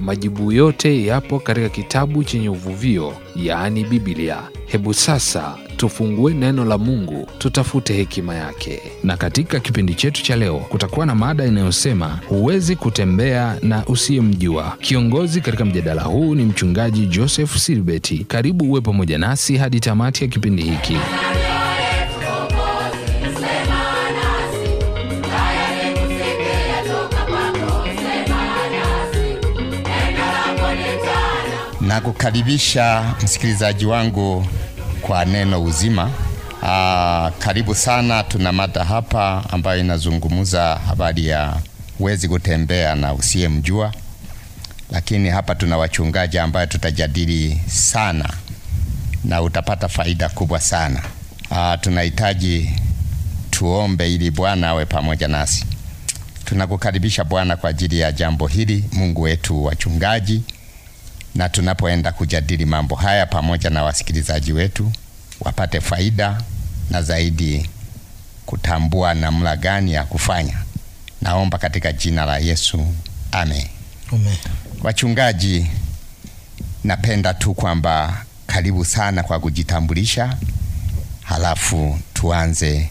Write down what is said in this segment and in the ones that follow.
Majibu yote yapo katika kitabu chenye uvuvio, yaani Biblia. Hebu sasa tufungue neno la Mungu, tutafute hekima yake. Na katika kipindi chetu cha leo kutakuwa na mada inayosema huwezi kutembea na usiyemjua. Kiongozi katika mjadala huu ni mchungaji Joseph Silbeti. Karibu uwe pamoja nasi hadi tamati ya kipindi hiki. na kukaribisha msikilizaji wangu kwa neno uzima. Aa, ah, karibu sana. Tuna mada hapa ambayo inazungumza habari ya wezi kutembea na usiyemjua, lakini hapa tuna wachungaji ambayo tutajadili sana na utapata faida kubwa sana. Aa, ah, tunahitaji tuombe ili Bwana awe pamoja nasi. Tunakukaribisha Bwana kwa ajili ya jambo hili, Mungu wetu wachungaji na tunapoenda kujadili mambo haya pamoja na wasikilizaji wetu wapate faida na zaidi kutambua namna gani ya kufanya. Naomba katika jina la Yesu, amen. Amen. Wachungaji, napenda tu kwamba karibu sana kwa kujitambulisha, halafu tuanze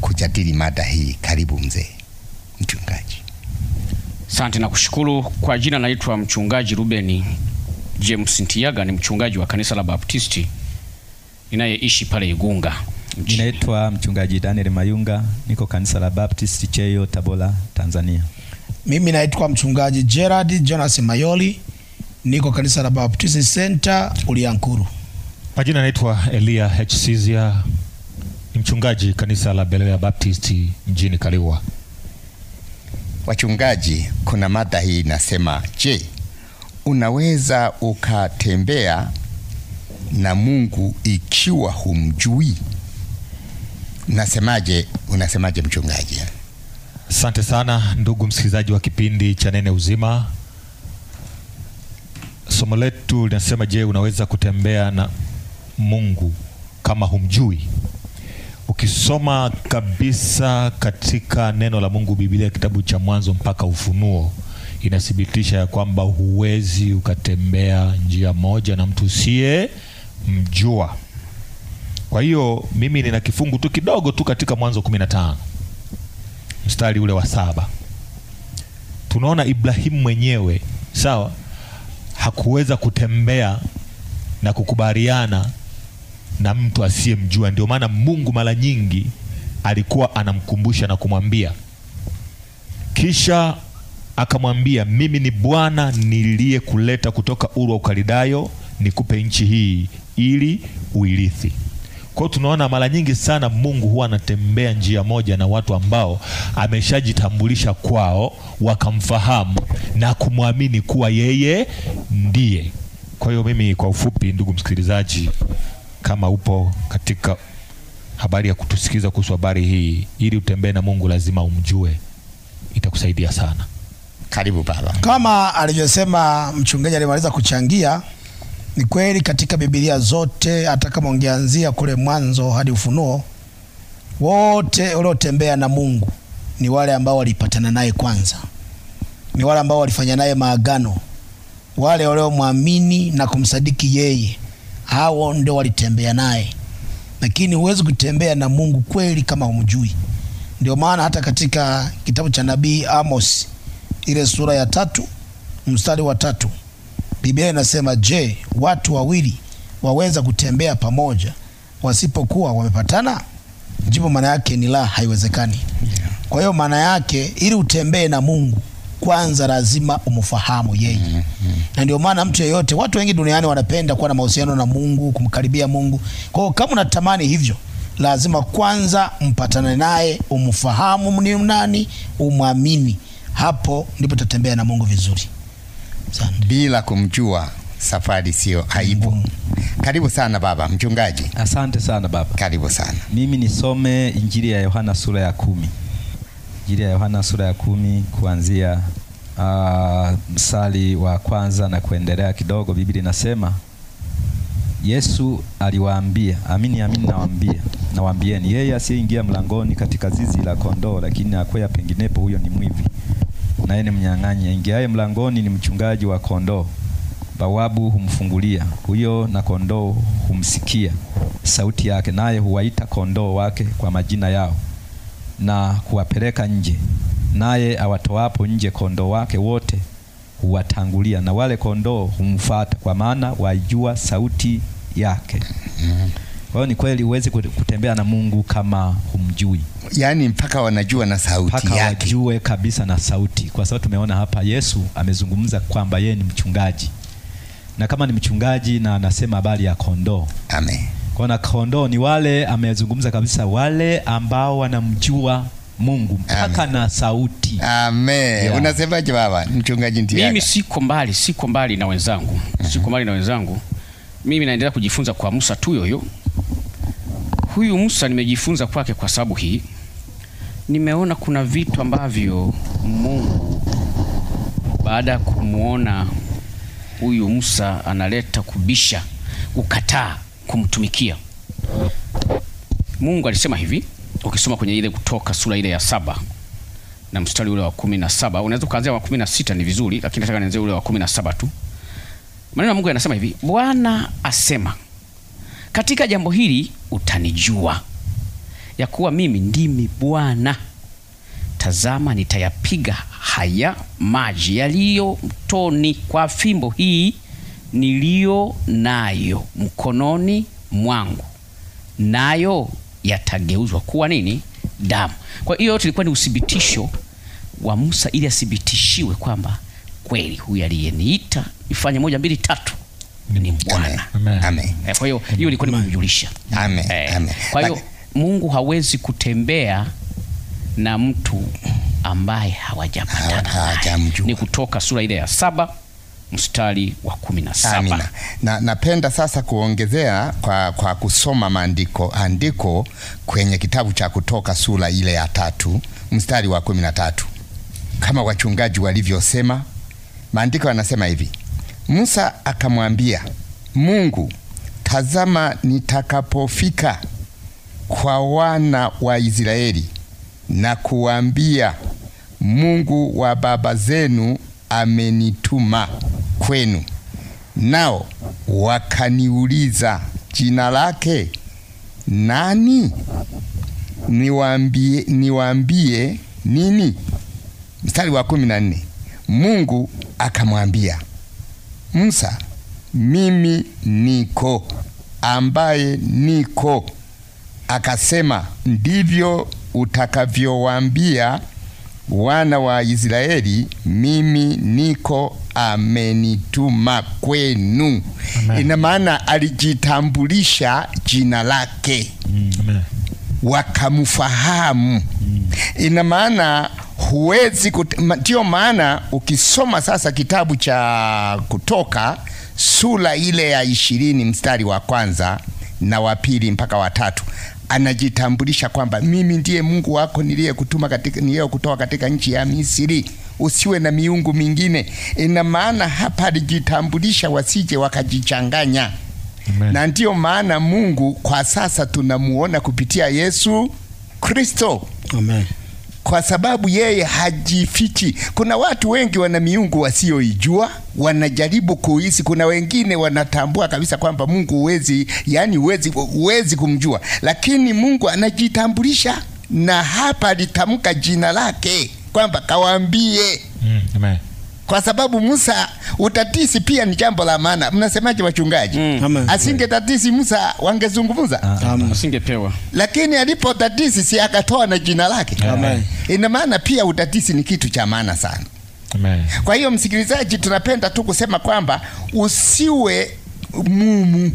kujadili mada hii. Karibu mzee mchungaji. Asante na kushukuru. Kwa jina naitwa mchungaji Rubeni James Ntiyaga ni mchungaji wa kanisa la Baptisti inayeishi pale Igunga. Ninaitwa mchungaji Daniel Mayunga, niko kanisa la Baptisti Cheyo, Tabora, Tanzania. Mimi naitwa mchungaji Gerard Jonas Mayoli, niko kanisa la Baptist Center Uliankuru. Majina naitwa Elia H. Sizia, ni mchungaji kanisa la Belewa Baptist mjini Kaliwa. Wachungaji, kuna mada hii inasema, je, unaweza ukatembea na Mungu ikiwa humjui? Nasemaje, unasemaje mchungaji? Asante sana ndugu msikilizaji wa kipindi cha Nene Uzima. Somo letu linasema, je, unaweza kutembea na Mungu kama humjui? Ukisoma kabisa katika neno la Mungu Biblia, kitabu cha Mwanzo mpaka Ufunuo, inathibitisha ya kwamba huwezi ukatembea njia moja na mtu usiye mjua. Kwa hiyo mimi nina kifungu tu kidogo tu katika Mwanzo 15 mstari ule wa saba, tunaona Ibrahimu mwenyewe sawa, hakuweza kutembea na kukubaliana na mtu asiyemjua. Ndio maana Mungu mara nyingi alikuwa anamkumbusha na kumwambia kisha akamwambia, mimi ni Bwana niliyekuleta kutoka Uru wa Ukalidayo nikupe nchi hii ili uirithi. Kwa hiyo tunaona mara nyingi sana Mungu huwa anatembea njia moja na watu ambao ameshajitambulisha kwao, wakamfahamu na kumwamini kuwa yeye ndiye. Kwa hiyo mimi, kwa ufupi, ndugu msikilizaji, kama upo katika habari ya kutusikiza kuhusu habari hii, ili utembee na Mungu lazima umjue, itakusaidia sana. Karibu baba. Kama alivyosema mchungaji alimaliza kuchangia, ni kweli katika Biblia zote, hata kama ungeanzia kule Mwanzo hadi Ufunuo, wote waliotembea na Mungu ni wale ambao walipatana naye kwanza, ni wale ambao walifanya naye maagano, wale waliomwamini na kumsadiki yeye, hao ndio walitembea naye. Lakini huwezi kutembea na Mungu kweli kama umjui. Ndio maana hata katika kitabu cha nabii Amos ile sura ya tatu mstari wa tatu Biblia inasema, je, watu wawili waweza kutembea pamoja wasipokuwa wamepatana? Jibu maana yake ni la, haiwezekani. Kwa hiyo maana yake ili utembee na Mungu kwanza lazima umfahamu yeye. mm -hmm. Na ndio maana mtu yeyote, watu wengi duniani wanapenda kuwa na mahusiano na Mungu, kumkaribia Mungu. Kwa hiyo kama unatamani hivyo, lazima kwanza mpatane naye, umfahamu ni nani, umwamini hapo ndipo tutatembea na Mungu vizuri sana. Bila kumjua safari sio aibu. Mm. Karibu sana baba mchungaji. Asante sana baba. Karibu sana. Mimi nisome Injili ya Yohana sura ya kumi. Injili ya Yohana sura ya kumi kuanzia uh, ah, msali wa kwanza na kuendelea kidogo. Biblia inasema Yesu aliwaambia, amini amini nawaambia, nawaambieni yeye asiyeingia mlangoni katika zizi la kondoo, lakini akwea penginepo, huyo ni mwivi naye ni mnyang'anyi. Aingiaye mlangoni ni mchungaji wa kondoo. Bawabu humfungulia huyo, na kondoo humsikia sauti yake, naye huwaita kondoo wake kwa majina yao na kuwapeleka nje. Naye awatoapo nje kondoo wake wote huwatangulia, na wale kondoo humfuata, kwa maana waijua sauti yake. Mm-hmm. Kwa hiyo ni kweli huwezi kutembea na Mungu kama humjui, yaani mpaka wanajua na sauti mpaka yake, wajue kabisa na sauti, kwa sababu tumeona hapa Yesu amezungumza kwamba yeye ni mchungaji, na kama ni mchungaji na anasema habari ya kondoo. Amen. Kwa na kondoo ni wale, amezungumza kabisa wale ambao wanamjua Mungu mpaka Amen. na sauti Amen. Yeah. Unasemaje baba mchungaji ndiye. Mimi siko mbali, siko mbali na wenzangu, mhm. siko mbali na wenzangu. Mimi naendelea kujifunza kwa Musa tu yoyo huyu Musa nimejifunza kwake kwa sababu hii, nimeona kuna vitu ambavyo Mungu baada ya kumwona huyu Musa analeta kubisha, kukataa kumtumikia Mungu. Alisema hivi, ukisoma kwenye ile Kutoka sura ile ya saba na mstari ule wa kumi na saba unaweza kuanzia wa kumi na sita ni vizuri, lakini nataka nianzie ule wa kumi na saba tu. Maneno ya Mungu yanasema hivi, Bwana asema katika jambo hili utanijua ya kuwa mimi ndimi Bwana. Tazama, nitayapiga haya maji yaliyo mtoni kwa fimbo hii niliyo nayo mkononi mwangu, nayo yatageuzwa kuwa nini? Damu. Kwa hiyo yote ilikuwa ni uthibitisho wa Musa ili athibitishiwe kwamba kweli huyu aliyeniita ifanye moja mbili tatu ni Bwana. Eh, kwa hiyo hiyo ilikuwa nimemjulisha. Eh, kwa hiyo Mungu hawezi kutembea na mtu ambaye hawajapatana Ni kutoka sura ile ya saba mstari wa kumi na saba. Amina. Na napenda sasa kuongezea kwa, kwa kusoma maandiko andiko kwenye kitabu cha Kutoka sura ile ya tatu mstari wa kumi na tatu kama wachungaji walivyosema, maandiko yanasema hivi: Musa akamwambia Mungu, tazama, nitakapofika kwa wana wa Israeli na kuambia, Mungu wa baba zenu amenituma kwenu, nao wakaniuliza jina lake nani, niwaambie niwaambie nini? Mstari wa kumi na nne Mungu akamwambia Musa, mimi niko ambaye niko. Akasema, ndivyo utakavyowaambia wana wa Israeli, mimi niko amenituma kwenu. Ina maana alijitambulisha jina lake, mm. wakamfahamu. Mm. Ina maana huwezi ndio maana ukisoma sasa kitabu cha Kutoka sura ile ya ishirini mstari wa kwanza na wa pili mpaka wa tatu anajitambulisha kwamba mimi ndiye Mungu wako niliyekutuma katika niliyekutoa katika nchi ya Misiri, usiwe na miungu mingine. Ina maana hapa alijitambulisha wasije wakajichanganya. Amen. Na ndiyo maana Mungu kwa sasa tunamuona kupitia Yesu Kristo. Amen kwa sababu yeye hajifichi. Kuna watu wengi wana miungu wasioijua, wanajaribu kuhisi. Kuna wengine wanatambua kabisa kwamba Mungu huwezi, yani huwezi, huwezi kumjua, lakini Mungu anajitambulisha, na hapa alitamka jina lake kwamba kawaambie. Mm, amen kwa sababu Musa utatisi pia ni jambo la maana. Mnasemaje wachungaji? Mm. Asinge tatisi Musa wangezungumza? Ah, ah, Amen. Asingepewa. Lakini alipotatisi si akatoa na jina lake. Ina maana pia utatisi ni kitu cha maana sana. Amen. Kwa hiyo msikilizaji, tunapenda tu kusema kwamba usiwe mumu.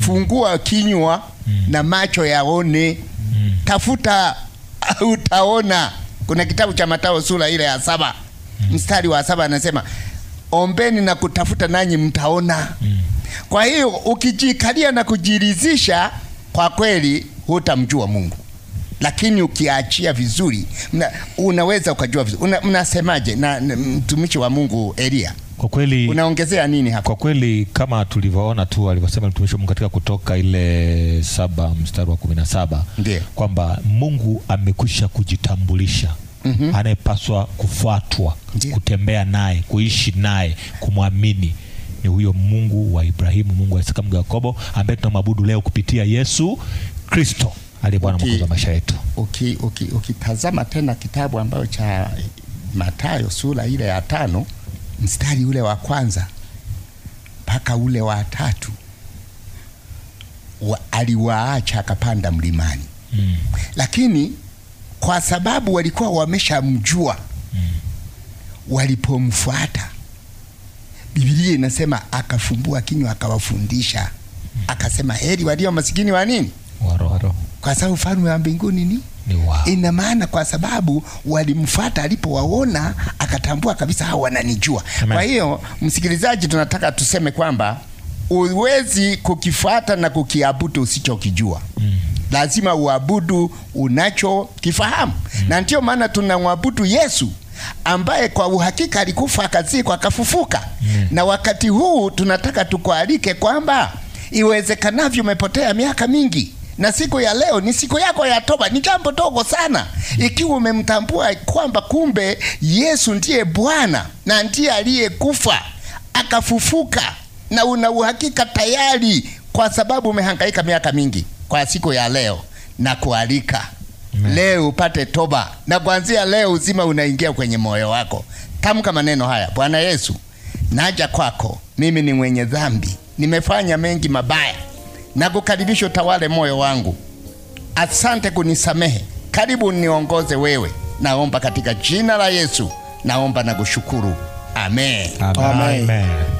Fungua kinywa mm. na macho yaone. Mm. Tafuta utaona. Kuna kitabu cha Mathayo sura ile ya saba mm. mstari wa saba anasema ombeni na kutafuta nanyi mtaona. mm. Kwa hiyo ukijikalia na kujiridhisha, kwa kweli hutamjua Mungu, lakini ukiachia vizuri una, unaweza ukajua vizuri. Mnasemaje una, na mtumishi wa Mungu Elia? Kwa kweli unaongezea nini hapa? Kwa kweli kama tulivyoona tu alivyosema mtumishi wa Mungu katika Kutoka ile saba mstari wa kumi na saba kwamba Mungu amekwisha kujitambulisha mm -hmm. anayepaswa kufuatwa yeah. kutembea naye, kuishi naye, kumwamini ni huyo Mungu wa Ibrahimu, Mungu wa Isaka, Mungu wa Yakobo ambaye tunamwabudu leo kupitia Yesu Kristo aliye Bwana Mwokozi maisha yetu. Ukitazama tena kitabu ambayo cha matayo sura ile ya tano mstari ule wa kwanza mpaka ule wa tatu aliwaacha akapanda mlimani mm. Lakini kwa sababu walikuwa wameshamjua mm. Walipomfuata Biblia inasema akafumbua kinywa akawafundisha, akasema heri walio masikini wa nini, waro, kwa sababu ufalme wa mbinguni ni wow. Ina maana kwa sababu walimfuata, alipowaona akatambua kabisa hao wananijua. Kwa hiyo, msikilizaji, tunataka tuseme kwamba uwezi kukifuata na kukiabudu usichokijua mm lazima uabudu unachokifahamu mm. na ndio maana tunamwabudu Yesu ambaye kwa uhakika alikufa akazikwa akafufuka mm. na wakati huu tunataka tukualike kwamba iwezekanavyo umepotea miaka mingi na siku ya leo ni siku yako ya toba. Ni jambo dogo sana mm. ikiwa umemtambua kwamba kumbe Yesu ndiye Bwana na ndiye aliyekufa akafufuka, na una uhakika tayari, kwa sababu umehangaika miaka mingi kwa siku ya leo na kualika Amen. Leo upate toba na kuanzia leo uzima unaingia kwenye moyo wako. Tamka maneno haya: Bwana Yesu, naja kwako, mimi ni mwenye dhambi, nimefanya mengi mabaya, nakukaribisha utawale moyo wangu. Asante kunisamehe, karibu niongoze wewe. Naomba katika jina la Yesu, naomba na kushukuru. Amen. Amen. Amen. Amen.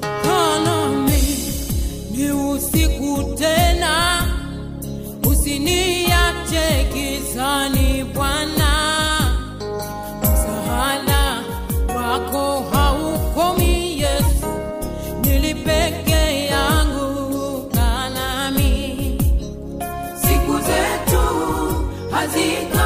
quase